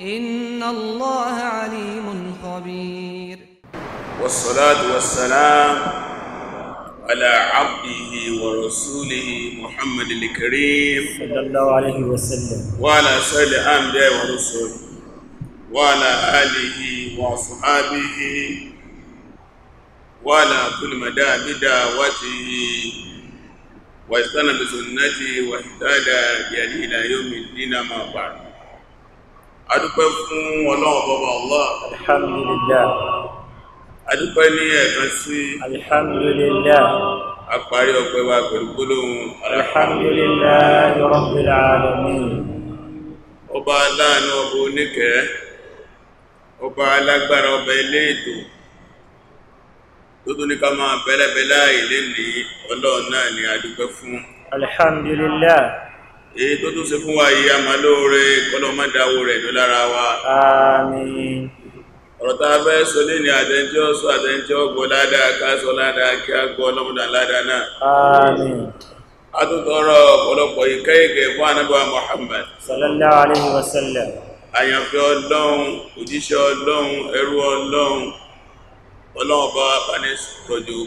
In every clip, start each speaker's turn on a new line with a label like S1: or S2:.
S1: إن الله عليم خبير
S2: والصلاة والسلام على عبده ورسوله محمد الكريم صلى الله
S1: عليه وسلم
S2: وعلى سائر الأنبياء ورسوله وعلى آله وصحابه وعلى كل مدى بدعوته واستنى بسنته واهتدى بهديه إلى يوم الدين ما بعد adúpẹ́ fún ọlọ́run bọ́bá Allah. alhamdulillah. adúpẹ́ ní ẹ̀kan sí. alhamdulillah. àparí ọpẹ́ wa pẹ̀lú gbólóhùn. alhamdulillah rabbil alamin. ọba aláàánú ọba oníkẹ́ ọba alágbára ọba ilé ètò tó tún ní ká máa bẹ́lẹ́bẹ́lá ilé ní ọlọ́run náà ni adúpẹ́ fún. alhamdulillah èyí tó tún ṣe fún wa yìí a máa má dáwó rẹ̀ ló lára wa ọ̀rọ̀ tá a fẹ́ sọ lé ní àtẹ́jọ́ sọ àtẹ́jọ́ gbọ́ ládàá ká sọ ládàá kí a gbọ́ ọlọ́mọdà ládàá náà a tún tọrọ ọ̀pọ̀lọpọ̀ ìkẹ́ ìkẹ́ fún anábà Muhammad sallallahu alaihi wasallam àyànfẹ́ ọlọ́run òjíṣẹ́ ọlọ́run ẹrú ọlọ́run ọlọ́run bá bá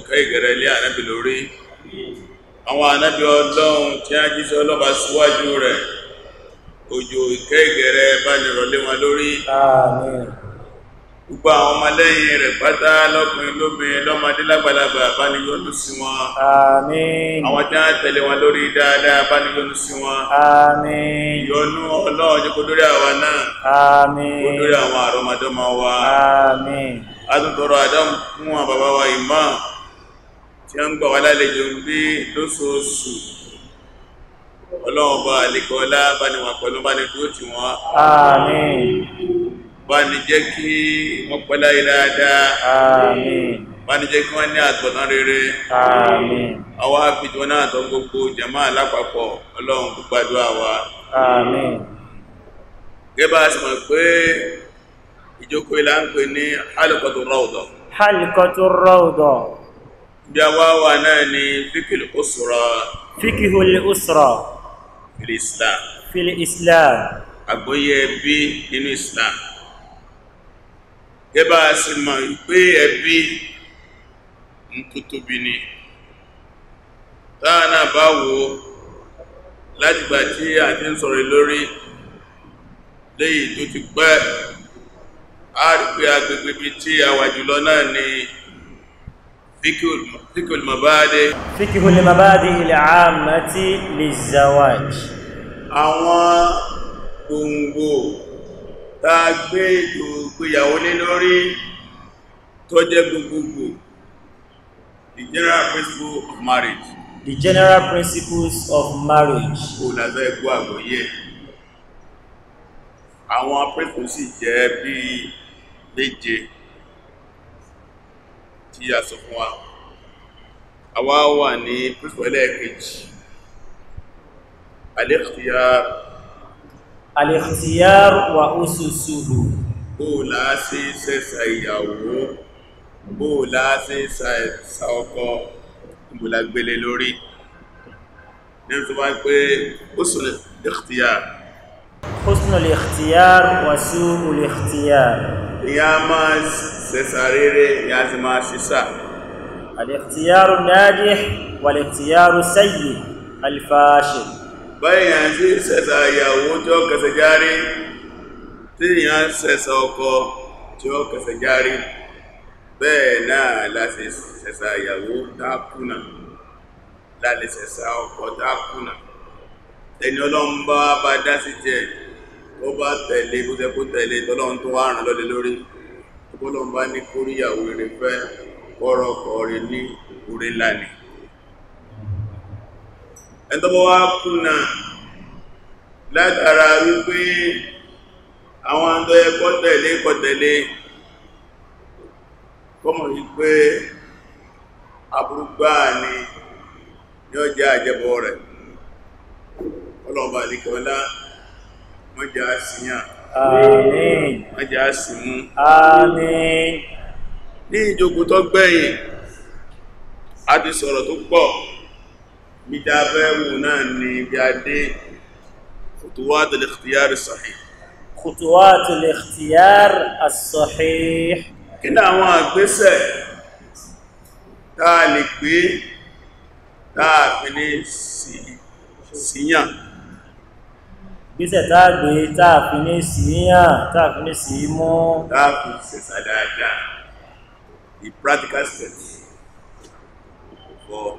S2: kẹ́ ìgẹ̀rẹ́ àwọn ànábì ọlọ́run tí a jíṣẹ́ ọlọ́ba síwájú rẹ̀ òjò ìkẹ́ ìgẹ̀rẹ̀ bá ní rọ̀lẹ́ wọn lórí àmín gbogbo àwọn ọmọlẹ́yìn rẹ̀ pátá lọ́kùnrin lóbìnrin lọ́mọdé lágbàlagbà bá ní yọ́nú sí wọn àmín àwọn tí a tẹ̀lé wọn lórí dáadáa bá ní yọ́nú sí wọn àmín yọ́nú ọlọ́run jẹ́ kó àwa náà àmín kó àwọn àrọ́mọdọ́mọ wa àmín a tún tọrọ àdáhùn fún àwọn wa ìmáà tí a ń gbà wá lálejò ń bí lóṣooṣù ọlọ́ọ̀bá àlekọ́lá bá ní wà pẹ̀lú bá ní tó ti wọ́n àmín bá ní jẹ́ kí wọ́n pẹ́ láyé dáadáa àmín bá jẹ́ kí wọ́n ní àtọ̀nà rere àmín àwọn àfijì wọn náà tó gbogbo jàmáà lápapọ̀ ọlọ́run kó gbàdúrà wa àmín gẹ́bà sì mọ̀ pé ìjókòó ìlà ń ní halqatu rawda
S1: halqatu rawda
S2: bí a wá wà náà ni fíkìlì òsùrọ̀
S1: fíkìlì òsùrọ̀
S2: fílì islam
S1: fílì islam
S2: àgbóyé ẹbí nínú islam gẹ́bà sí ma ìpé ẹbí ń tó tóbi ni táà náà bá wo láti gbà tí a ti ń sọ̀rọ̀ lórí léyìí tó ti pẹ́ a rí pé agbègbè bí tí a wà jùlọ náà ni فقه المبادئ
S1: فقه المبادئ العامة للزواج àwọn
S2: gbòǹgbò tá a gbé ètò ìgbéyàwó lé lórí tó gbogbogbò the general principle of marriage the general principles of marriage o ẹgbọ́ àgbọ́yé àwọn principles sì jẹ́ bí méje tí a sọ fún wa àwa wà ní pípọ̀ ẹlẹ́ẹ̀kejì al-ikhtiyar al-ikhtiyar wa ususuhu bóòlá sí sẹ́sà ìyàwó bóòlá sí sẹ́sà ọkọ ìbòlá gbélé lórí nínú tó bá ń pé husn al-ikhtiyar
S1: husn al-ikhtiyar wa su
S2: sẹ́sà rere ìyá ti máa ṣíṣà al-ikhtiyaru najih wal-ikhtiyaru sayyi al-fashil báyìyàn sí sẹ́sà ìyàwó tí ó kẹsẹ̀ járí tí ìyàn sẹ́sà ọkọ tí ó kẹsẹ̀ járí bẹ́ẹ̀ náà láti sẹ́sà ìyàwó dákúnà láti sẹ́sà ọkọ dákúnà ẹni ọlọ́run bá dá sí jẹ ó bá tẹ̀lé bó tẹ́kú tẹ̀lé tọ́lọ́run tó wá ràn lọ́lẹ́ lórí bọ́lọ́mbá ní kóríyàwó rẹ̀ fẹ́ ọ̀rọ̀kọ̀ rẹ̀ ní orí lálẹ̀ ẹ̀tọ́bọ̀ wá kùnà látara wípé àwọn àndọ́ ẹkọ́ tẹ̀lé kọtẹ̀lé kọmọ̀ wípé aburúgbà ni yóò jẹ́ àjẹbọ rẹ̀ ọlọ́ọ̀bà àdíkọ́lá mọ́jà síyàn àmín májá sí mú àmín ní ìjókòó tó gbẹ̀yìn a ti sọ̀rọ̀ tó pọ̀ bídá bẹ́ẹ̀wò náà ni bí a dé kùtùwàtí lèkìtìyàrí sahih kùtùwàtí
S1: lèkìtìyàrí as-sahih
S2: kí ní àwọn àgbésẹ̀ táà lè pé táà fi ní síyàn ìgbésẹ̀ tá a gbé tá a fi ní síyàn tá a fi ní sí mú. tá a fi the practical steps for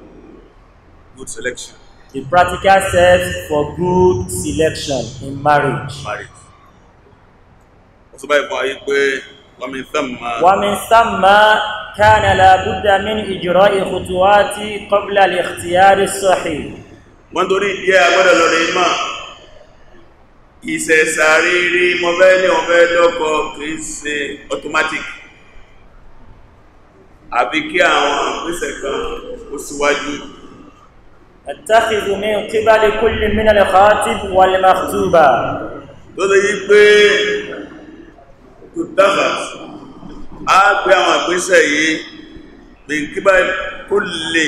S2: good selection. the practical steps
S1: for good selection in marriage.
S2: marriage. wọ́n sọ báyìí fún ayé pé wọ́n mi sàn máa. wọ́n mi
S1: sàn máa. كان لابد من إجراء خطوات قبل الاختيار الصحيح.
S2: wọ́n torí ìdí ẹ̀ agbọ́dọ̀ lọ́rọ̀ ìmọ̀ ìṣẹ̀ṣà rírí mo fẹ́ ní mo fẹ́ lọ́kọ kìí ṣe automatic àbí kí àwọn ìgbésẹ̀ kan ó síwájú
S1: أتخذ من قبل كل من الخاتب والمخطوبة
S2: tó lè yí pé tó dáfà á pé àwọn ìgbésẹ̀ yìí bí kí bá kó lè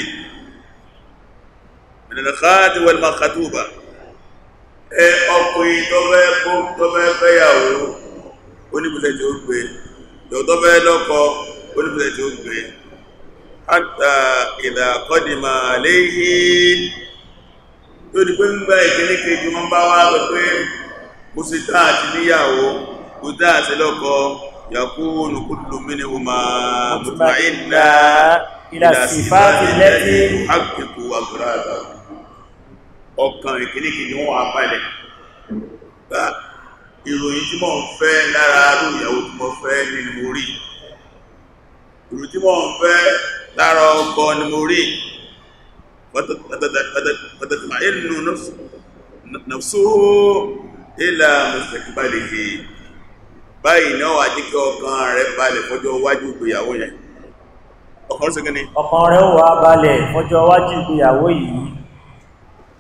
S2: من الخاتب والمخطوبة ẹ ọkùnrin tọ́fẹ́ fẹ́yàwó oníbùsẹ̀ tí ó gbé tọ́fẹ́ lọ́kọ oníbùsẹ̀ tí ó gbé àtà ìdàkọ́dìmà léhì tó di pé ń gbá ìkíní kejì wọ́n bá wá lọ pé kò sí táà ti níyàwó kò táà sí lọ́kọ yàkúrò kúlù mínú ma mùtùmáìlá ìlàsìfà ìlẹ́tì àkùkù àgbàrá àgbàrá ọkàn ìkìníkìní wọ́n àpàlẹ̀ bá ìròyìn tí mò ń fẹ́ lára arú ìyàwó tí mo fẹ́ ní mo rí ìròyìn tí mò ń fẹ́ lára ọkọ ni mo rí pàtàkì máa inú nafsó ilà mùsùlùmí báyìí náà wà ní kí ọkàn rẹ̀ balẹ̀ fọ́jọ́ iwájú ìgbéyàwó yẹn ọkàn rẹ̀ wà balẹ̀
S1: fọ́jọ́ iwájú ìgbéyàwó yìí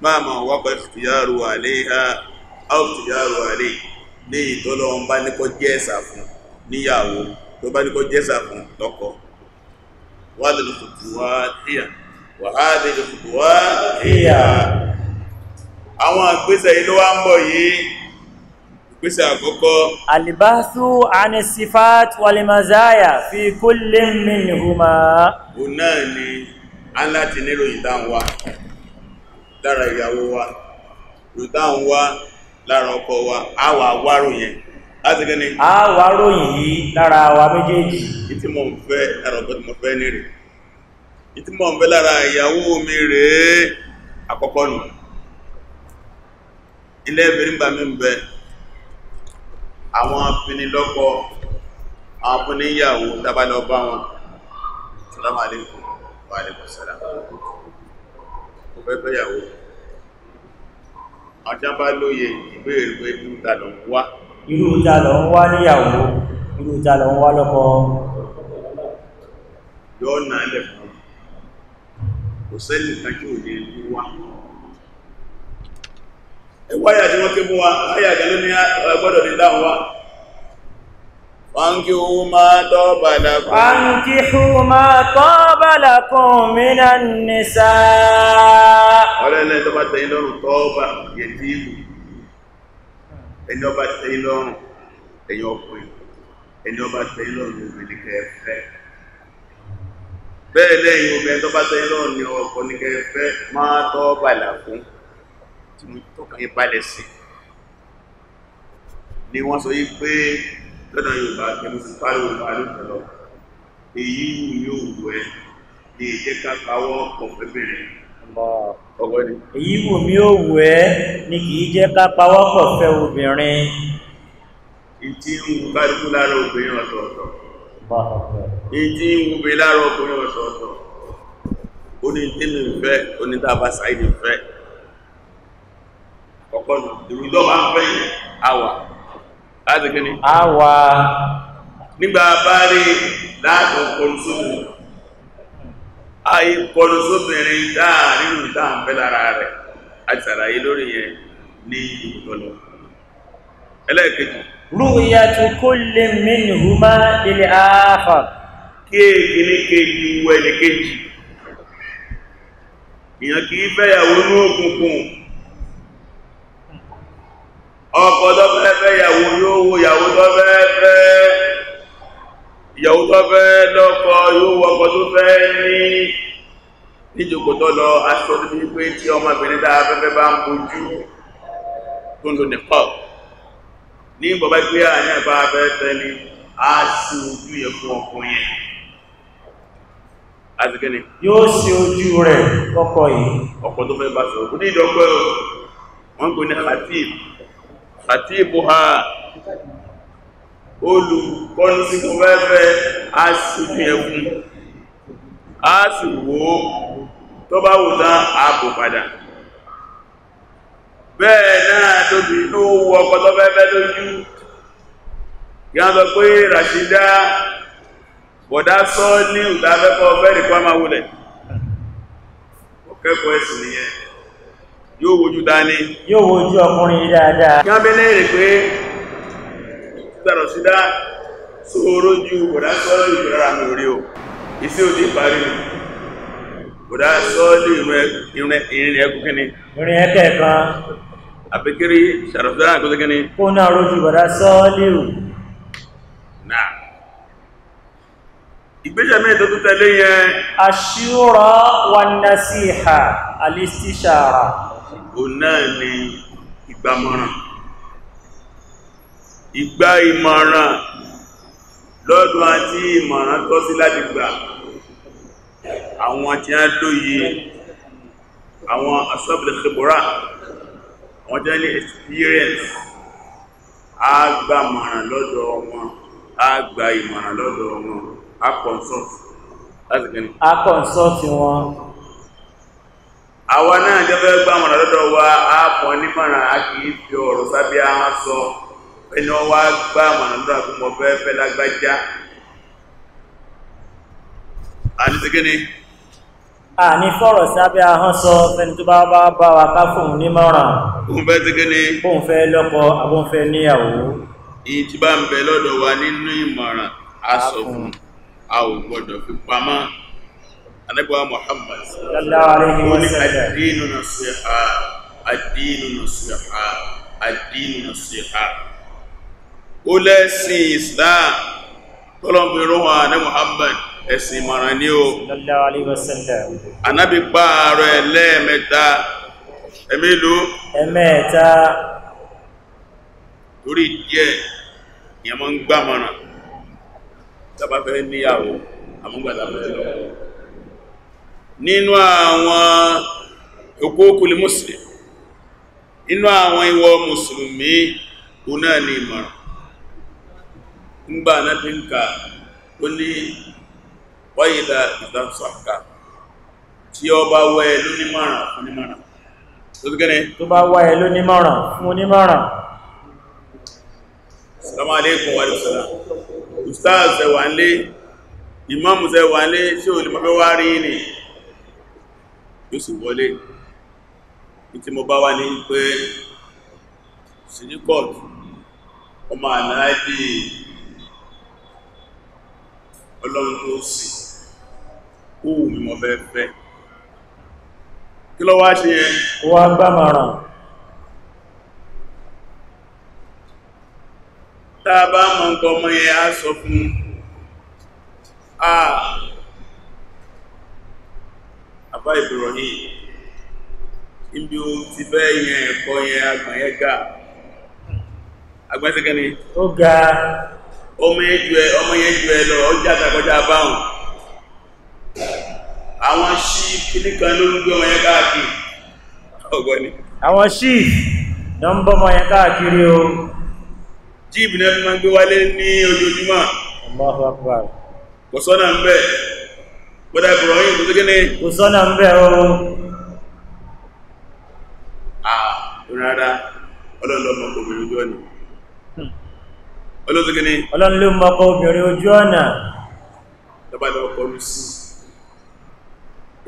S2: máa ma wákọ̀ ìfìyàrò àlẹ́ ha áùfìyàrò àlẹ́ ní ìtọ́lọ́ ń bá níkọ́ jẹ́ ẹ̀sà fún níyàwó tó bá níkọ́ jẹ́ ẹ̀sà fún lọ́kọ wà lè lùkùtù wá díà wà á lè lùkùtù wá díà àwọn àgbésẹ̀ yìí ló ń bọ̀ yìí ìgbésẹ̀ àkọ́kọ́
S1: alìbáṣú anisifat walimazaya fi kullin minhuma
S2: òun náà ni aláti níròyìn dáhùn wa lára ìyàwó wa ń wá lára ọkọ wa àwà wárò yẹn láti gẹ́ ni yìí lára wa méjèèjì ìtí mọ̀ ń fẹ́ lára ní rẹ̀ ìtí mọ̀ ń fẹ́ lára ìyàwó mi rẹ̀ àkọ́kọ́ nù ilé ń bẹ àwọn àwọn fẹ́ fẹ́yàwó bá lóye ìbéèrè irú ta ń wá níyàwó
S1: irú ta ń wá lọ́kọ
S2: yóò nà ilẹ̀ fún kò sẹ́lì kájú òye ní wá ẹwà àyà wọ́n ké mú wa àyà àgbẹ̀lóní gbọ́dọ̀ ní dáhùn wa وانكحوا ما طاب لكم
S1: وانكحوا ما طاب لكم من النساء
S2: ọlẹ́lẹ́ tó bá tẹ̀yìn lọ́rùn tọ́ọ̀bà yẹ̀tìmù ẹni ọba tẹ̀yìn lọ́rùn ẹ̀yìn ọkùnrin ẹni ọba tẹ̀yìn lọ́rùn obìnrin bẹ́ẹ̀ lẹ́yìn obìnrin tó bá tẹ̀yìn lọ́rùn máa tọ́ọ̀bà tí mo tọ́ka yín balẹ̀ sí ni wọ́n sọ yí pé lọ́nà yorùbá kẹmú sí pariwo pariwo lọ èyí wù yóò wù ẹ lè jẹ ká pawọ́ ọ̀pẹ bẹ̀rẹ̀. èyí wù mí ò wù ẹ
S1: ni kì í jẹ́ ká pawọ́ pọ̀ fẹ́ obìnrin.
S2: ìtì ń wù kálukú lára obìnrin ọ̀tọ̀ọ̀tọ̀ ìtì ń wù mí lára obìnrin ọ̀tọ̀ọ̀tọ̀ ó ní tẹ́lẹ̀ fẹ́ ó tábà sáìdì fẹ́ ọ̀pọ̀ ìrùlọ́wọ́ fẹ́ yẹn àwà láti kí ni. a wà. nígbà bá rí láàtọ̀ kọlu sóbìnrin ayé kọlu sóbìnrin dáa nínú dáa ń bẹ lára rẹ̀ àti sàlàyé lórí yẹn ní ìgbọ̀lọ̀ ẹlẹ́ẹ̀kejì.
S1: rúùyàtú kó lè mìíràn hùmá ilẹ̀
S2: ààfà. kéèkì ní kejì wọ ẹnì kejì èèyàn fẹ́yàwó ní òkùnkùn. ọkọ tó fẹ́ yàwó yóò wo yàwó tó fẹ́ fẹ́ ìyàwó lọ́kọ yóò wọ tó fẹ́ ní lọ aṣọ tó pé tí ọmọbìnrin tá a fẹ́fẹ́ bá ń tó ń lò ni a sì ojú yẹ fún yẹn yóò ojú rẹ̀ yìí tó fẹ́ bá sọ̀rọ̀ kò ní wọ́n ní àtíbùhá olùkọ́ni sí kò fẹ́fẹ́ a sì fi ẹkùn a sì wò ó tó bá wò tán ààbò padà bẹ́ẹ̀ náà tó bí inú wọ ọkọ̀ tó fẹ́fẹ́ lójú yá sọ pé ràṣídá bọ̀dá sọ ní ìdáfẹ́fẹ́ ọ̀fẹ́ nìkan máa wulẹ̀ ọ̀kẹ́kọ̀ọ́ ẹ̀sìn nìyẹn yóò wojú dání yóò wojú ọkùnrin
S1: dáadáa kí a
S2: mẹ́lẹ̀ rẹ̀ pé gbàrọ̀sídá sóòrò ju bọ̀dá sọ́ọ̀lù ìrọ̀rà mi orí o iṣẹ́ ò ní parí bọ̀dá sọ́ọ̀lù ìrìn ẹkùn kíní ìrìn ẹkẹ́ kan àbíkiri sàrọ̀sídá náà kóso kíní
S1: kó náà rojú ìgbésẹ̀ mẹ́ta tó tẹ̀lé yẹn aṣíra wa nasiha
S2: alistishara òun náà ni ìgbàmọ̀ràn ìgbà ìmọ̀ràn lọ́dún àti ìmọ̀ràn tọ́ sí láti gbà àwọn tí a lóye àwọn asọ́bìlẹ̀ ṣẹ̀bọ̀rá àwọn tí a ní experience a gba ìmọ̀ràn lọ́dọ̀ wọn a gba ìmọ̀ràn lọ́dọ̀ wọn a consult a consult wọn àwa náà jẹ́fẹ́ gbàmọ̀ lọ́dọ̀ wa àpọ̀ nímọ̀ràn a kì í fi ọ̀rọ̀ sábẹ́ ahọ́n sọ ẹni wọ́n wá gbàmọ̀ lọ́dọ̀ àkúmọ̀ fẹ́ fẹ́ lágbájá àní ti kíni.
S1: àní fọ̀rọ̀ sábẹ́ ahọ́n sọ fẹni tó bá bá bá wa ká fóun nímọ̀ràn.
S2: òun fẹ́ ti kíni. òun fẹ́ lọ́kọ àbóun fẹ́ níyàwó. ìyí tí bá ń bẹ lọ́dọ̀ wa nínú ìmọ̀ràn a sọ fún a ò gbọ́dọ̀ fi pamọ́ anabiwa muhammad ó ní àdínú nasiha àdínú nasiha àdínú nasiha ó lẹ́sìn islam tọ́lọ́mù ìrọ́wà ní muhammad ẹ̀sìn ìmọ̀ràn ní o anábi pààrọ̀ ẹlẹ́ẹ̀mẹ́ta ẹ̀mẹ́lú
S1: ẹ̀mẹ́ta
S2: torí díẹ̀ ìyẹn mọ́ ń gbàmọ̀ràn tàbáfẹ́ níyàwó àmúgbàdàmọ́ nínú àwọn òkúkúlé muslim inú àwọn ìwọ mùsùlùmí òná ní ìmọ̀ràn ńgbà náàbí nǹka ó ní wáyìdá ìdánsọ̀ká tí ó bá wá ẹ lónímọ̀ràn fún nímọ̀ràn tó bí gẹ́rẹ́
S1: tó bá wá ẹ lónímọ̀ràn fún nímọ̀ràn
S2: salamu alaikum wa rahmatullah ustaz ẹwà ń ṣe wá rí yóò sì wọlé tí mo bá wá ní pé sinikot ọmọ àlàájì ọlọ́run tó sì kóòwù mímọ̀ fẹ́fẹ́ kí lọ wá ṣe wá gbámàràn tá a bá mọ̀ nǹkan ọmọ yẹn á sọ fún àà bàbá Ibrahim ibi o ti bẹ́ yẹn ẹ̀kọ́ yẹn àgbàyẹ ga ni ó ga ọmọ ẹ lọ ọjà àtàkọjá báhùn àwọn ṣí kan ló ń gbé ọmọ yẹn káàkiri ọgbọ́ni àwọn ṣí ló ń bọ́mọ yẹn káàkiri o jíìbì náà fi máa gbé gbọ́dá Ibrahim tó gẹ́ ní kò sọ́nà ń bẹ̀ o ààrùnrádá ah, ọlọ́lọ́mọ obìnrin ojú ọ̀nà ọlọ́tọ́ gẹ́ ní ọlọ́lọ́mọ obìnrin ojú ọ̀nà tọ́bálẹ̀ ọkọ̀ rú sí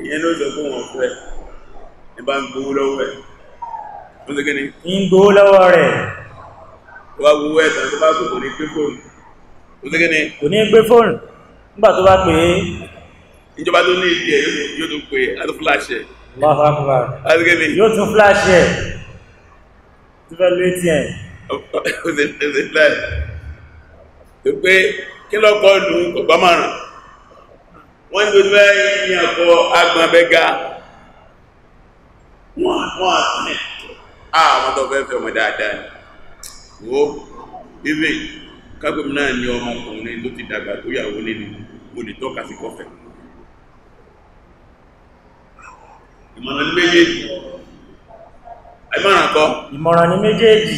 S2: ìyẹn ló jọ fún wọn fẹ́ ìbá ń gbówó lọ́wọ́ ẹ̀ ọlọ́tọ́ gẹ́ ní ń gbówó lọ́wọ́ rẹ̀ wá gbówó ẹ̀tàn tó bá kò ní gbé tó bá pè é ìjọba tó ní ilé ẹ̀ yóò tún pé àti fúláṣì ẹ̀ yóò tún fúláṣì ẹ̀ tó fẹ́ lé tí ẹ̀ tó pé kí lọ́kọ́ lù kọ̀gbá márùn wọ́n ní gbogbo ẹ̀yìn àpọ̀ agbọn abẹ́gá wọ́n àtúnẹ̀ àwọn tó fẹ́ fẹ́ wọn dáadáa ni wo ibi kágbèmí náà ní ọmọkùnrin tó ti dàgbà tó yàwó nínú mo lè tọ́ka sí kọfẹ́ ìmọ̀ràn ní méjèèjì àìmọ̀ràn kọ́ ìmọ̀ràn ní méjèèjì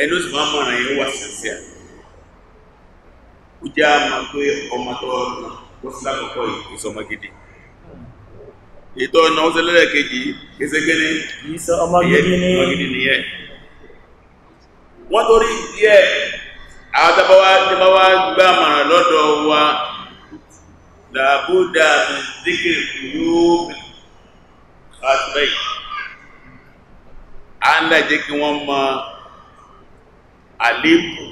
S2: ẹni ó sì máa mọ̀ràn yẹn wà sínsẹ́ ó jẹ́ àmà pé ọmọ tó wọ́n sí lákọ̀ọ́kọ́ ìsọmọ gidi ètò ọ̀nà ọ̀sẹ̀ lẹ́lẹ́kejì kéṣegéné ọmọ gidi nìyẹn wọ́n torí díẹ̀ àwọn tàbáwá tàbáwá gbá àmàrà lọ́dọ̀ wa làbúdà zikir yóò àtúbẹ̀yì a ń dájẹ́ kí wọ́n mọ àléébù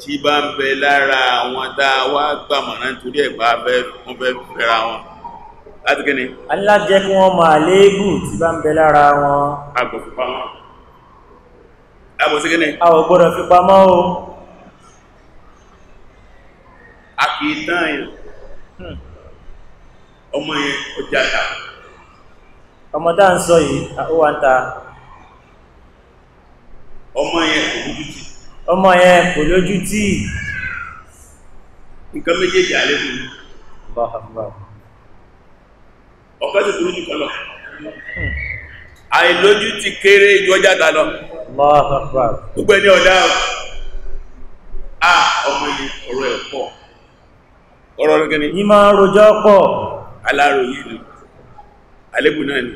S2: tí bá ń bẹ lára àwọn dáa wá gbàmọ̀ná nítorí ẹ̀gbà wọ́n fẹ́ fẹ́ra wọn láti kí ni
S1: alájẹ́ kí wọ́n mọ àléébù tí bá ń bẹ lára wọn
S2: agbòfipá wọn agbòsí kí ni a ò gbọ́dọ̀ fipamọ́ o a kì í tán yẹn hmm. ọmọ yẹn ó játa
S1: ọmọ tá à ń sọ yìí ó wà ń ta ọmọ yẹn kò lójú tí ọmọ yẹn kò lójú tí
S2: nǹkan méjèèjì àlékún ọ̀kan sì burú jù kan lọ àìlójú ti kéré ìjú ọjà dà lọ
S1: gbogbo
S2: ẹni ọ̀dá à ọmọ yẹn ọ̀rọ̀ ẹ̀ pọ̀ ọ̀rọ̀ rẹ̀ gẹ́ni ní máa rojọ́ pọ̀ aláròyìn ni àlékún náà ni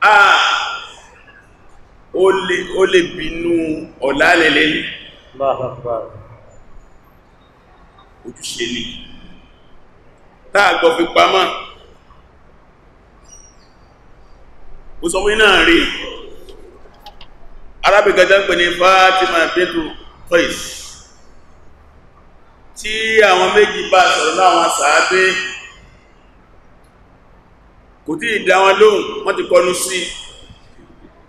S2: ah ó lè bínú ọ̀lá lẹ́lẹ́ ní ojúṣe ní táàgbọ́ fi pamọ́ ó sọ mú náà rí arábìgajá pè ní Fatima Bintu Qais tí àwọn méjì bá sọ̀rọ̀ láwọn sàábé kò tí ì dá wọn lóhùn wọ́n ti kọnu sí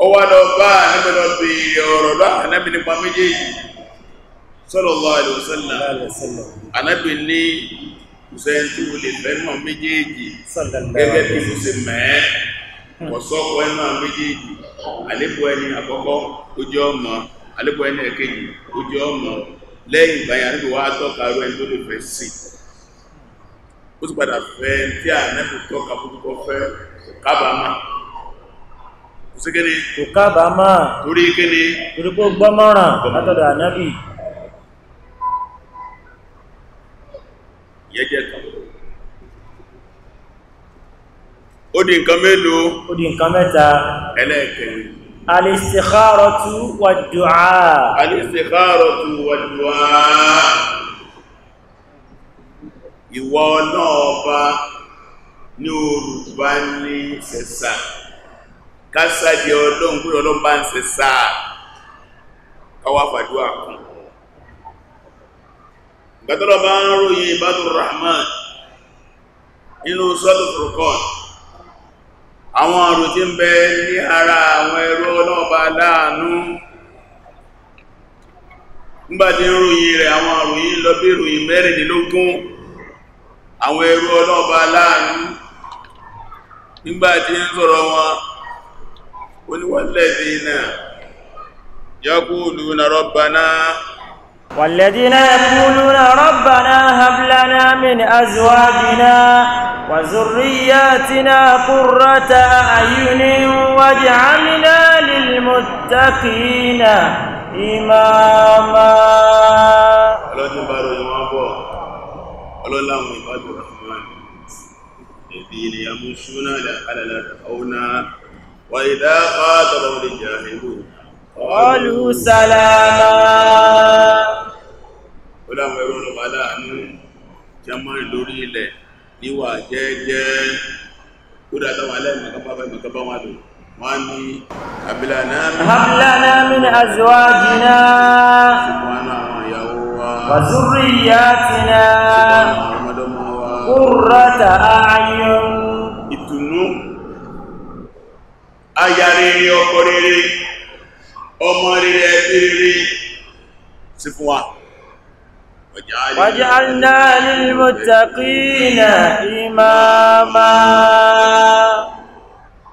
S2: ọ wá lọ bá ànábì lọ bèèrè ọ̀rọ̀ lọ ànábì nípa méjèèjì sallallahu alaihi wasallam ànábì ní ìṣẹ́ tí ó lè méjèèjì gẹ́gẹ́ bí mo ṣe mẹ́ẹ́ ọ̀sọ́kọ̀ ẹnu méjèèjì àlébù ẹni àkọ́kọ́ ojú ọmọ àlébù ẹni ẹ̀kejì ojú ọmọ lẹ́yìn ìgbàyàn àríwá tọ́ka ẹni tó lè fẹ́ sí i ó ti padà fẹ́ tí a nẹ́kù tọ́ka púpọ̀ fẹ́ kò kábàámà kò sí kéde kò kábàámà torí kéde torí kó gbọ́mọ̀ràn látọ̀dọ̀ ànábì yẹ́jẹ́ kan ó di nǹkan mélòó ó di nǹkan mẹ́ta ẹlẹ́ẹ̀kẹ́rin alìsìkárọ̀tù wàdùá alìsìkárọ̀tù wàdùá ìwọ náà ọba ní oòrùn bá ní sẹ̀sà kásàdì ọlọ́run gbọ́nà ọlọ́run bá ń sẹsà káwà fàdúwà kún gbàtọ́rọ̀ bá ń ròyìn ìbádùn rahman nínú sọ́tù furukọ́n àwọn ara àwọn ọlọ́ọ̀bá láàánú ń ròyìn rẹ̀ àwọn lọ bí àwọn ẹrú ọlọ́ọ̀bá aláàánú nígbàtí ń sọ̀rọ̀ wọn oníwọ̀lẹ́dínà يقولون ربنا
S1: والذين يقولون ربنا هب لنا من أزواجنا وذرياتنا قرة أعين واجعلنا
S2: للمتقين إماما ọlọ́lá àwọn ìbádùn rahman ẹ̀bí ilẹ̀ amúṣúná alàlà ọ̀nà wà ìdá pàtàkì ọ̀rẹ́ jàhìlú ọlù
S1: sàlámà
S2: ó dáwọn ẹ̀rọ ọlọ́pàá láàánú jẹ́mọ́rin lórí ilẹ̀ níwà jẹ́ẹ́jẹ́ ó dátawọn alẹ́mọ̀kápá wọn lò wọ́n ní àbìlànà
S1: min azwajina
S2: ṣùgbọ́n àwọn ìyàwó wàzúrìyàtìnà kúrọ̀tà ayọ̀ ìtùnú aya rere ọkọ rere ọmọ rere ẹbí rere sí fún wa
S1: wàjálná lílmọ̀tàkínà ìmáàmá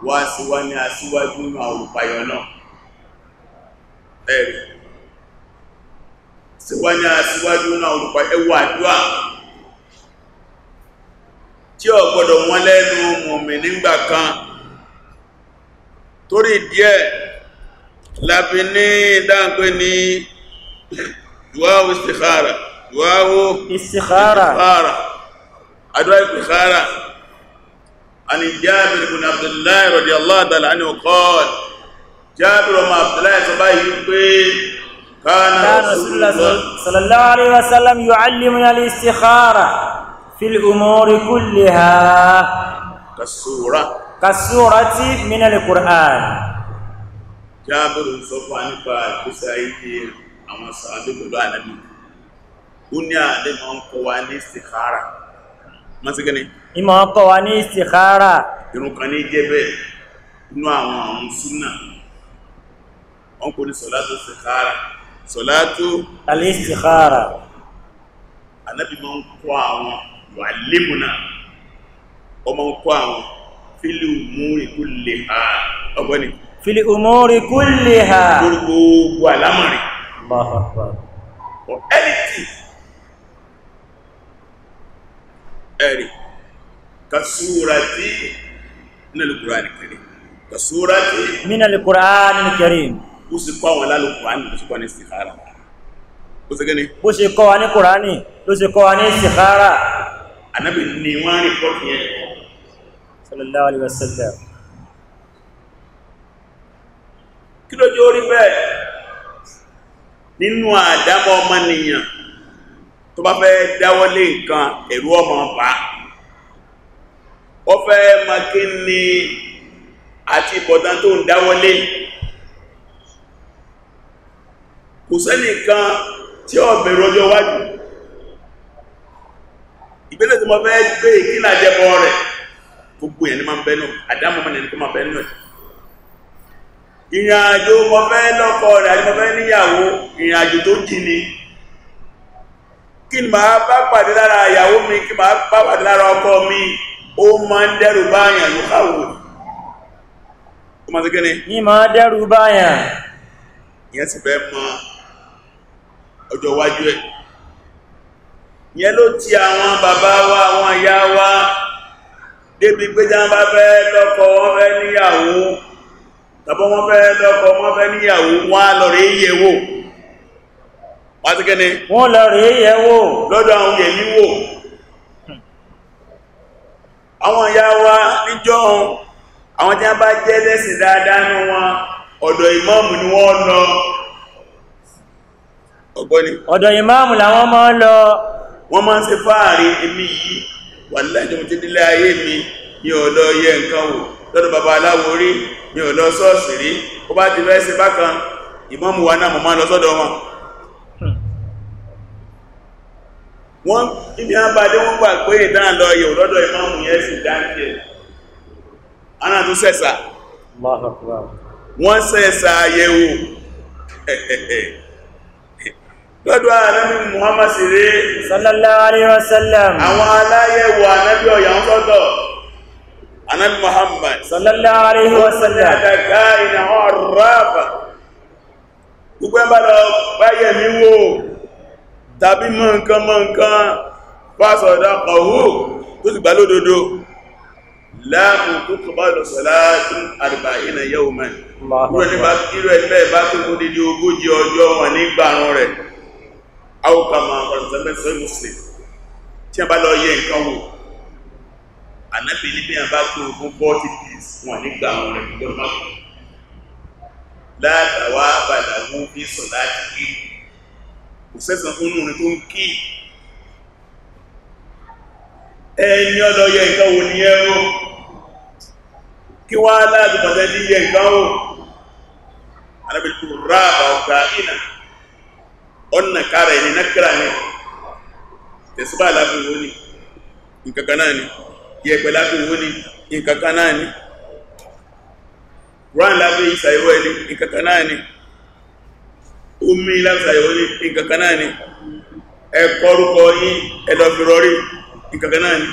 S2: wá síwá ní aṣíwájú náà olùpayọ̀ náà ẹ̀rẹ̀ tí wá ní aṣíwájú náà olùpa ẹwà àdúà tí ó gbọ́dọ̀ wọ́n lẹ́nu mọ̀mí nígbà kan torí díẹ̀ láfi ní dáńpé ní duwawo istikhara duwawo istikhara àdúà istikhara عن جابر بن عبد الله رضي الله تعالى عنه قال جابر بن عبد الله كان رسول الله
S1: صلى الله عليه وسلم يعلمنا الاستخارة في الأمور كلها
S2: كالسورة كالسورة من القرآن جابر سوف أنفع كسائي أما صادق الله نبي كنا لمن قواني استخارة ما سكني
S1: إما قواني استخارة
S2: ينقني جبل نوع من سنة أنكو لصلاة استخارة sọ̀látú al-istikhara anábì ma ń kọ́ àwọn yóò alébùnà ọmọ ń kọ́ àwọn fílì umúrí kúlè ha ọgbọ́ni fílì umúrí kúlè ha gbogbo alámọ̀rin ẹ̀lìtì ẹ̀rì kasurati min al-Qur'an al-Karim min al ó sì kọ́ àwọn lálò kùránì ló sì kọ́ ní istikhara ó sì gẹ́ni bó ṣe kọ́ wa ní kùránì ló sì kọ́ wa ní istikhara anábì ni wọ́n rí pọ́ọ̀kì yẹn sallallahu alaihi wasallam kí ló jẹ́ orí bẹ́ẹ̀ nínú àdámọ́ ọmọnìyàn tó bá fẹ́ dáwọ́lé nǹkan ẹ̀rú ọmọ bá ó fẹ́ máa kí ni àti ìbọ̀dán tó ń dáwọ́lé kò sẹ́nìkan tí ó bẹ̀rù ọjọ́ wájú ìgbélẹ̀ tí mo fẹ́ gbé ìkílà jẹ́bọ rẹ̀ gbogbo ni máa ń bẹ́ náà àdámọ́ mọ́ ẹni tó máa bẹ́ náà ìrìn àjò mo fẹ́ lọ́kọ rẹ̀ àti mo fẹ́ níyàwó ìrìn àjò tó jì ni kí ni màá bá pàdé lára ìyàwó mi kí màá bá pàdé lára ọkọ mi ó máa ń dẹ́rù báyàn ló káwò ó máa ti kí ni. ní dẹ́rù báyàn. ìyẹn sì fẹ́ mọ ọjọ́ iwájú ẹ̀ yẹn ló ti àwọn bàbá wa àwọn ìyá wa débi pé jẹ́ bá fẹ́ lọ́kọ wọ́n fẹ́ níyàwó tàbí wọ́n fẹ́ lọ́kọ wọ́n fẹ́ níyàwó wọ́n á lọ rèé yẹ̀wò wọ́n ti kẹ́ni wọ́n lọ rèé yẹ̀wò lọ́dọ̀ àwọn yẹ̀mí wò àwọn ìyá wa níjọ́ àwọn tí wọ́n bá jẹ́ lẹ́sìn dáadáa nínú wọn ọ̀dọ̀ ìmọ́ọ̀mù ni wọ́n lọ ọgbọ́ni ọ̀dọ̀ ìmáàmù làwọn máa ń lọ wọ́n máa ń ṣe fáàrin èmi yìí wà láìjọ tí nílé ayé mi ní ọ̀lọ́ yẹ nǹkan wò lọ́dọ̀ bàbá aláwo rí ní ọ̀lọ́ sọ́ọ̀sì rí ó bá ti fẹ́ ṣe bákan ìmáàmù wa náà mọ̀ máa lọ sọ́dọ̀ wọn wọ́n ibi àbádé wọ́n gbà pé ìdáhàn lọ yẹ̀ lọ́dọ̀ ànábì Muhammad sire
S1: sallallahu alaihi wasallam àwọn aláyẹ̀wò ànábì ọ̀yà ń sọ́dọ̀
S2: ànábì Muhammad sallallahu alaihi wasallam àdàkà ìnáwó rábà gbogbo ẹ̀bá lọ báyẹ̀ mi wò tàbí mọ́ nǹkan mọ́ nǹkan fásọ̀dá ọ̀hú tó sì gbà lódodo láàmù tó kọ̀bá lọ sọ̀látún arba'ina yawman rẹ̀ nígbà ẹgbẹ́ ìbá tó kó dédé ogójì ọjọ́ wọn nígbàrún rẹ̀ àwòkàmà ọ̀rọ̀sẹ̀lẹ́sẹ̀ muslim tí a bá lọ yẹ nǹkan wò ànábì níbi àbá tó ogún forty days wọn nígbà àwọn rẹ̀ gbọ́dọ̀ má kú látàwá àbàdàwó bí sọ láti kí kò sẹ́sàn fún nínú tó ń kí ẹni ọlọ yẹ nǹkan wò ní ẹrọ kí wọ́n á láàdùbọ̀tẹ́ ní yẹ nǹkan wò anábìlú ráàbà ọ̀gá ìnà ọ̀nà kára ẹni nákírà ni tẹ̀síbà lábí wó ní nǹkankan náà ni yẹ̀pẹ̀ lábí wó ní nǹkankan náà ni ran lábí ìsàyẹ̀wò ẹni nǹkankan náà ni omi lábí ìsàyẹ̀wò ní nǹkankan náà ni ẹ̀kọ́ orúkọ yí ẹ̀dọ̀fì rọrí nǹkankan náà ni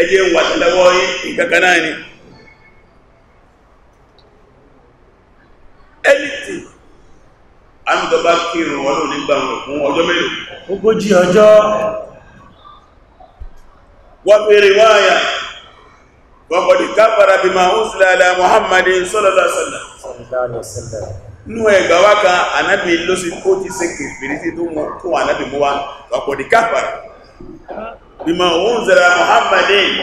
S2: ẹjẹ́ wà tẹ́lẹ́wọ́ yí nǹkankan náà ni anything àmìdọ́bá kírùn ọdún nígbà fún ọjọ́ mélòó ogójì ọjọ́ wọ́n bèèrè wáyà wọ́pọ̀dì káfàrà bí ma ń sílẹ̀ alẹ́ Muhammadin sallallahu alaihi wasallam nú ẹgbà wákan anábì ló sì kó ti ṣe kèfèrí sí káfàrà bí ma ń sílẹ̀ Muhammadin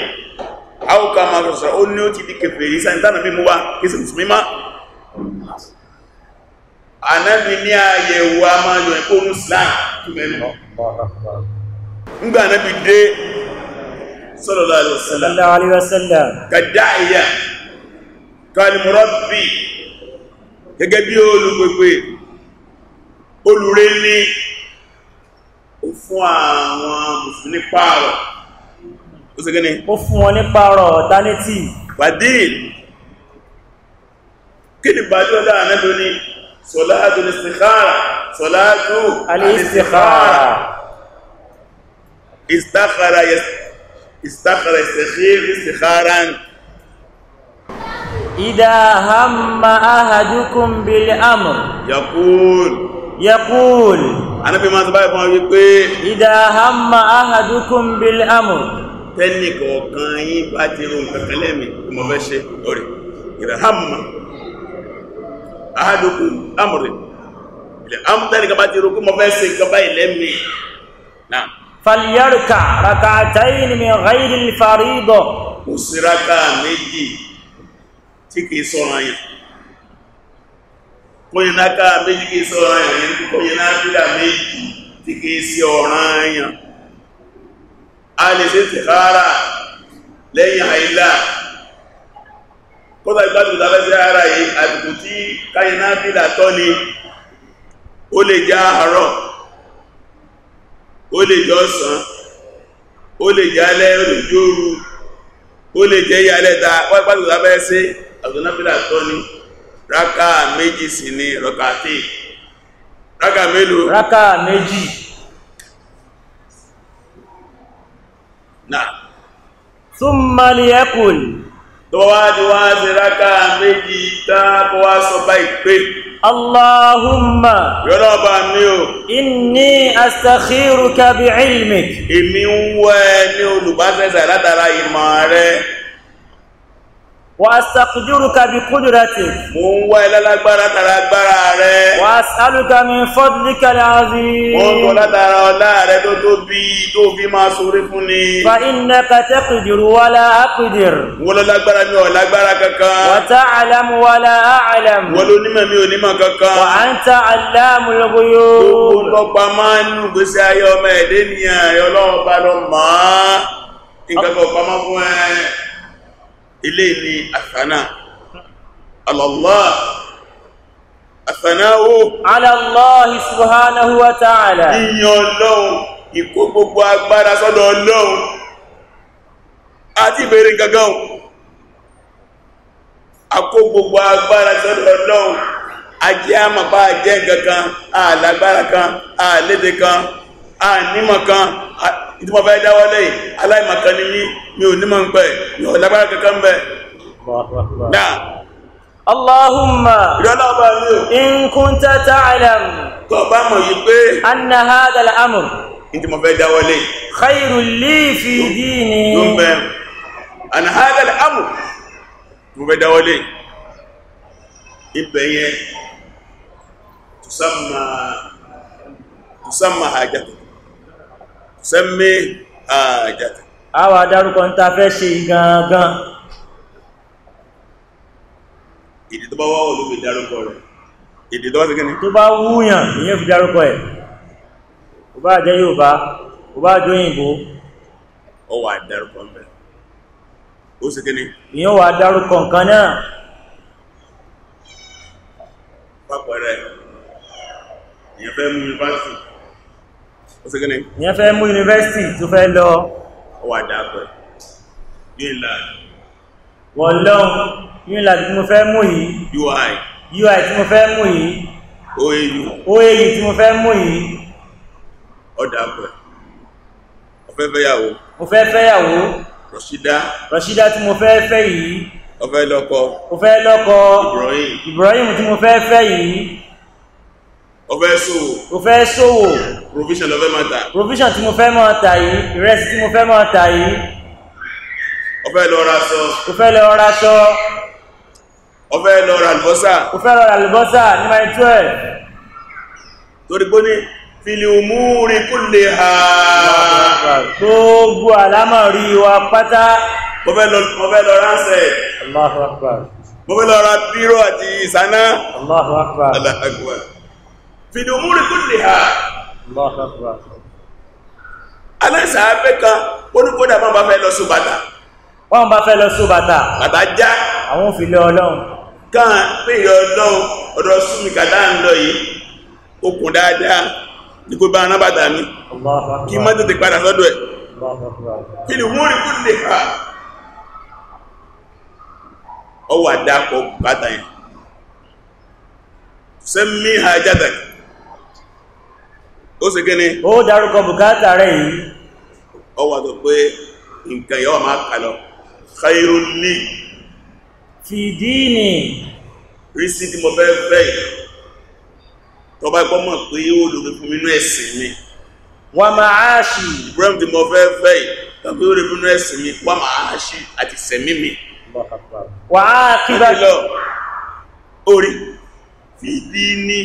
S2: áwùká anabini ní àyẹ̀wò a yọ ìkónú islam tó mẹ́nu ńgbà sallallahu alaihi wasallam kàdáyà kàlìmọ́rọ́bì iya bí olùgbègbè olùré ní ó fún àwọn mùsùlùmí ní pààrọ̀ sọ̀látù istikhara sọ̀látù al-istikhara istakhara istakhara istikhir istikharan
S1: إذا هم
S2: أحدكم بالأمر يقول يقول Ànábì máa sọ́bá ìfọn wípé ìdá hàmà áhàdùkùn bil amr tẹ́nìkọ̀ọ̀kan yí bá ti rún kẹ̀kẹ́lẹ́mì ọmọ mẹ́ṣẹ́ lórí ìdá hàmà ahadokun amúre ilẹ̀ amúdá ni kaba ti ro kó mo fẹ́ ṣe kaba ilẹ̀ mi na. faliyaruka rakatayin min ghayri farido. kò sí raka méjì tí kì í sọ̀rọ̀ yẹn kò ká méjì kì í sọ̀rọ̀ yẹn kò yẹn méjì tí kì í sí ọ̀ràn yẹn a lè ṣe tìkára lẹ́yìn àìlá bọ́bá ìgbàtùkù tàbẹ́sẹ̀ ara yìí àtùkù tí káyíná bílà tọ́ ni ó lè jẹ́ àárọ̀ ó lè jẹ́ ọ̀sán ó lè jẹ́ alẹ́ ó lè jẹ́ òru ó lè jẹ́ ìyálẹ́ta bọ́bá ìgbàtùkù bílà tọ́ ni rákà méjì sí ni rọ̀kàtì rákà mélòó rákà méjì
S1: ثم ليكن
S2: tó wá ti wá sí rákà méjì táàkó wá sọ báyìí pé Allahumma yọ́nà ọba mi o inni astakhiruka bi ilmik èmi ń wẹ́ ní olùbáfẹ́sà látara ìmọ̀ rẹ̀ واستقدرك بقدرتك مو ولا لا غبارا ترى غبارا رẹ واسالك من فضلك العظيم مو ولا ترى ولا رẹ tó tóbi tó fi máa ṣoore fún ni فانك تقدر ولا اقدر ولا lágbára mi ò lágbára kankan وتعلم ولا اعلم ولا ni ma mi ò ní ma kankan وانت علام الغيوب tó pa máa nu gbèsè ayo me de ni ayo Ọlọ́run ba lo ma ilé ni àfànà alọ́lá àfànáwó alàlọ́hì subhanahu wa ta'ala yíyan ọlọ́run ìkó gbogbo agbára sọ́dọ̀ ọlọ́run àti ìbẹ̀rẹ̀ gangan àkó gbogbo agbára sọ́dọ̀ ọlọ́run ajẹ́ àmàbá ajẹ́ gangan àlágbára kan àlédè kan ànímọ̀ kan ìdí mo fẹ́ dáwọ́ lẹ́yìn aláìmọ̀kan ni mí mi ò ní mọ̀ ń pẹ́ mi ò lágbára kankan bẹ́ẹ̀. náà. Allahumma ìrọ̀lọ́ba mi o. in kunta ta'lam. tó o bá mọ̀ yìí pé. anna hadha al-amr. ìdí mo fẹ́ dáwọ́ lẹ́yìn. li fi dini. anna hadha al-amr. mo fẹ́ dáwọ́ lẹ́yìn. ibẹ̀ tusamma tusamma hajjatu sẹ́mí àjàtà. a wà dárúkọ
S1: ń ta fẹ́ ṣe gangan.
S2: ìdí tó bá wá wọ́n ló fi dárúkọ rẹ̀ ìdí tó bá ti kí ni. tó bá wúyàn ìyẹn fi dárúkọ ẹ̀
S1: kò bá jẹ́ Yorùbá kò bá jẹ́ òyìnbó.
S2: ó wà dárúkọ ń bẹ̀ ó sì kí ni.
S1: ìyẹn wà dárúkọ nǹkan náà.
S2: pápá rẹ̀ ìyẹn fẹ́ mú mi bá sùn ọ̀sẹ̀gẹ́ni ìyẹn fẹ́ mú
S1: yunifásitì tó fẹ́ lọ
S2: ọwà dápẹ̀ Greenland
S1: wọ́n lọ́un Greenland tí mo fẹ́ mú yìí UI UI tí mo fẹ́ mú yìí OAU OAU tí mo fẹ́ mú yìí
S2: ọ̀dàpẹ̀ ọ̀fẹ́fẹ́yàwó mo fẹ́ fẹ́yàwó Rọ̀ṣídá Rọ̀ṣídá tí mo fẹ́ fẹ́ yìí ọ̀fẹ́ lọ́kọ ọ̀fẹ́ lọ́kọ Ibrahim Ibrahim tí mo fẹ́ fẹ́ yìí o ṣòwò. provision ló fẹ́ máa tà. provision tí mo fẹ́ máa tà yìí ìrẹsì tí mo fẹ́ máa tà yìí. o fẹ́ lọ ra aṣọ. o fẹ́ lọ ra aṣọ. o fẹ́ ní my twelve. torí pé ní filiumuri kúlè ha. gbogbo àlámọ̀ rí wa pátá. o fẹ́ lọ ránṣẹ́. Allahu Akbar. mo fẹ́ lọ ra bírò àti ìsáná. Allahu Akbar. Allahu Akbar fi al-umuri kulliha aláìsàn abẹ́ kan ó ní kódà máa bá fẹ́ lọ sùn bàtà wọ́n bá fẹ́ lọ sùn bàtà bàtà já àwọn òfin lé ọlọ́run kan pé ìyọ ọlọ́run ọ̀dọ̀ súnmi kàtà ń lọ yìí okùn dáadáa ní kó bá rán bàtà mi kí má tètè padà sọ́dọ̀ ẹ̀ kí ni wọ́n rí kúrò lè ha ọwọ́ àdàpọ̀ bàtà yẹn sẹ́mi ha jáde ó ṣe kíni ó dárúkọ bùkátà rẹ̀ yìí ó wà tó pé nǹkan yọ́ máa kàlọ̀ khairun li fi dini rísí tí mo fẹ́ fẹ́ tó bá gbọ́ mọ̀ pé ó lórí fún mi nú ẹ̀sìn mi wa ma'ashi ibrahim tí mo fẹ́ fẹ́ tàbí ó lórí fún mi ẹ̀sìn mi wa ma'ashi àti sẹ̀mí mi wà á kí bá lọ orí fi dini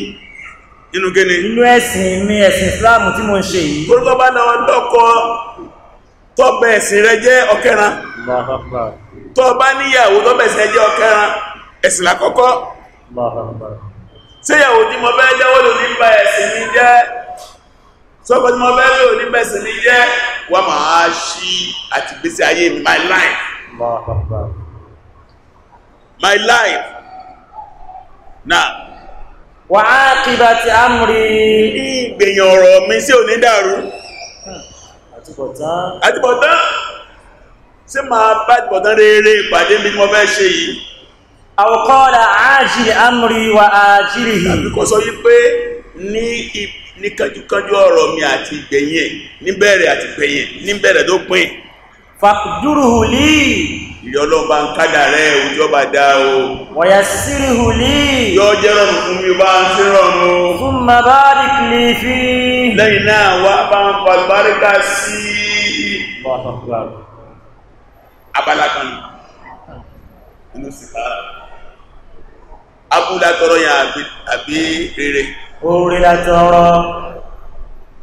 S2: inú gẹ́ni inú ẹ̀sìn mi ẹ̀sìn islam tí mo ń ṣe yìí tó lọ́bá náà lọ́kọ́ tọ́bẹ̀ ẹ̀sìn rẹ jẹ́ ọkẹran tọ́bá níyàwó tọ́bẹ̀ ẹ̀sìn rẹ jẹ́ ọkẹran ẹ̀sìn lákọ́kọ́ síyàwó tí mo bẹ́ jẹ́wọ́ lò nípa ẹ̀sìn mi jẹ́ mo bẹ́ lò nípa ẹ̀sìn mi jẹ́ wà máa ṣí àti gbésí ayé life my life now wà á kíbà tí a mìírí ìgbèyàn ọ̀rọ̀ mi sí onídàrú àtibọ̀tán sí máa bá àtibọ̀tán rere ìpàdé mi mọ́ fẹ́ ṣe yìí àwọ̀kọ́ọ̀lá àájìrì àmìrí wà àájìrì yìí àbíkọ́ sọ yìí pé ní ní kánjúkánjú ọ̀rọ̀ mi àti ìgbẹ̀yìn níbẹ̀rẹ̀ àti ìgbẹ̀yìn níbẹ̀rẹ̀ tó pin fàdúrùhù líì ìrẹ́ ọlọ́run bá ń kádà rẹ̀ ojú ọba dá o wọ̀yà sírí hùlí yọ jẹ́ rọrùn fún mi bá ń sí rọrùn fún ma bá rí kìlì fi lẹ́yìn náà wá bá ń fa àlùbáríkà sí abala kan nínú sìkára abúlé atọ́rọ̀ yẹn àbí rere
S1: orí látọ́rọ̀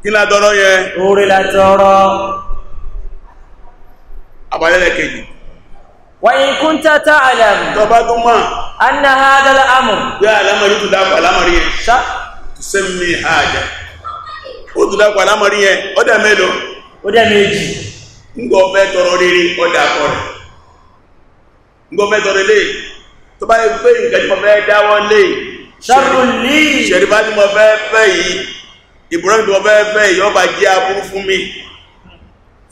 S2: kí látọ́rọ̀ yẹn orí látọ́rọ̀ abalẹ́lẹ́kẹ̀ẹ́ وإن كنت تعلم طبعا أن هذا الأمر يا الأمر يتدافع الأمر شا تسمي حاجة يتدافع الأمر ọ̀dà mélòó ọ̀dà méjì ngbọ O da rere ọ̀dà kọrẹ ngbọ fẹ́ tọrọ lè tó bá yẹ pé nǹkan tí mo fẹ́ dáwọ́ lè mo mo aburu fún mi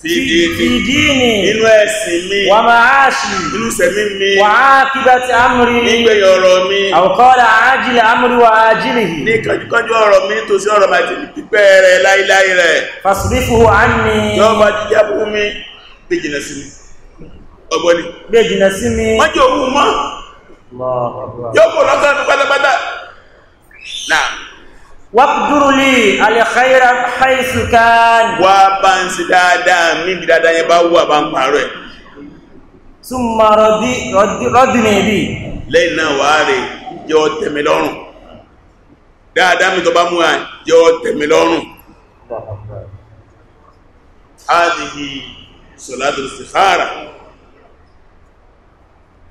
S2: fìdíìnì inú ẹ̀sìn mi wà máa ṣì inú sẹ̀mí mi wà á kíbá ti amúrí nígbẹ̀yìn ọ̀rọ̀ mi àwòkọ́lá àájìlẹ̀ amúrí wà ájìlì yìí ní kọjúkọjú ọ̀rọ̀ mi tó sí ọ̀rọ̀ màtí pípẹ́ rẹ̀ láíláí rẹ̀ fàṣìlífù á ní jíjá fún mi gbé jìnà sí mi ọgbọ́ni gbé jìnà sí mi wọ́n òun
S1: mọ́ yóò
S2: wàkùdúrúlì alẹ́kàíra haisukan wà bá ń sí dáadáa níbi dáadáa yẹn bá wà bá ń parọ́ ẹ̀ súnmọ́ rọ́dínà ibi lẹ́yìn náà wà rẹ̀ jẹ́ ọ̀tẹ̀mí lọ́rùn dáadáa mi tó bá mú à jẹ́ ọ̀tẹ̀mí lọ́rùn áàdìyí sọ̀látò istikhara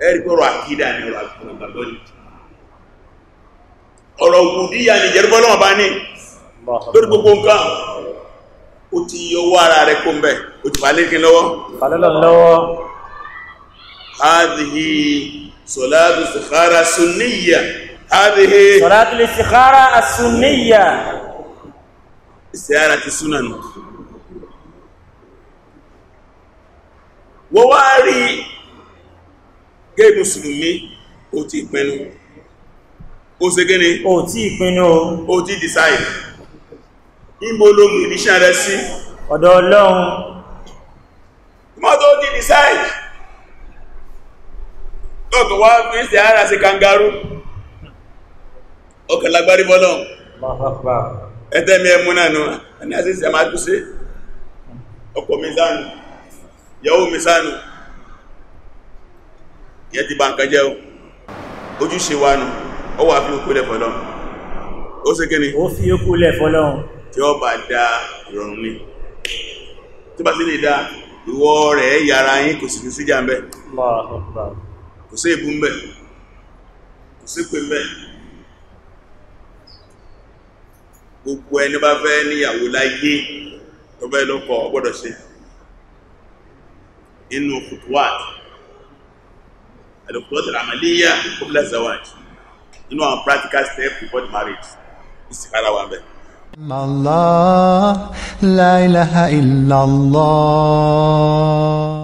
S2: ẹ̀rí pọ̀rọ̀ àkídà ni ọ̀rọ̀ àkídà ọ̀rọ̀ ògùdíyà ní ìjẹrúbọ́ lọ́wọ́ bá ní lórí gbogbo nǹkan ó ti yọ owó ara rẹ̀ kó ń bẹ̀ ó ti falẹ́ lọ́wọ́ hadhihi salatu istikhara sunniya hadhihi salatu istikhara as-sunniya istikhara ti súnà nù wọ́n wá rí gẹ́ ó ṣe gíní ó tí ìpinnu ó tí decide ìbò lóògùn ìníṣẹ́ rẹ sí ọ̀dọ̀ ọlọ́run mọ́tò tí decide lọ́tọ̀ wá fi ṣe ara sí kangaroo ọkà lágbárí bọ́lọ́run ẹ̀tẹ́mi ẹmú náà nù ẹni àti ìsẹ̀ máa tú sí ọkọ mi sánú ìyàwó mi sánú ìyẹ́ ti bá nǹkan jẹ́ ojúṣe wa nù ó wà fi okú lẹ̀ fọ́lọ́n ó sì kí ni ó fi okú lẹ̀ fọ́lọ́n tí ó bá dá ìrọ̀rùn ní tí bá sí lè dá ìwọ rẹ̀ yára yín kò sì fi síjà ń bẹ́ kò sí ìbú ń kò sí pé ń gbogbo ẹni bá fẹ́ níyàwó láyé tó fẹ́ lọ́kọ gbọ́dọ̀ ṣe inú kùtùwà àdùkùtùwà tẹ̀lé àmàlíyà kọ́bílà nínú àwọn practical step before the marriage ìsìnkára wà bẹ́ẹ̀.
S1: Allah la ilaha illallah.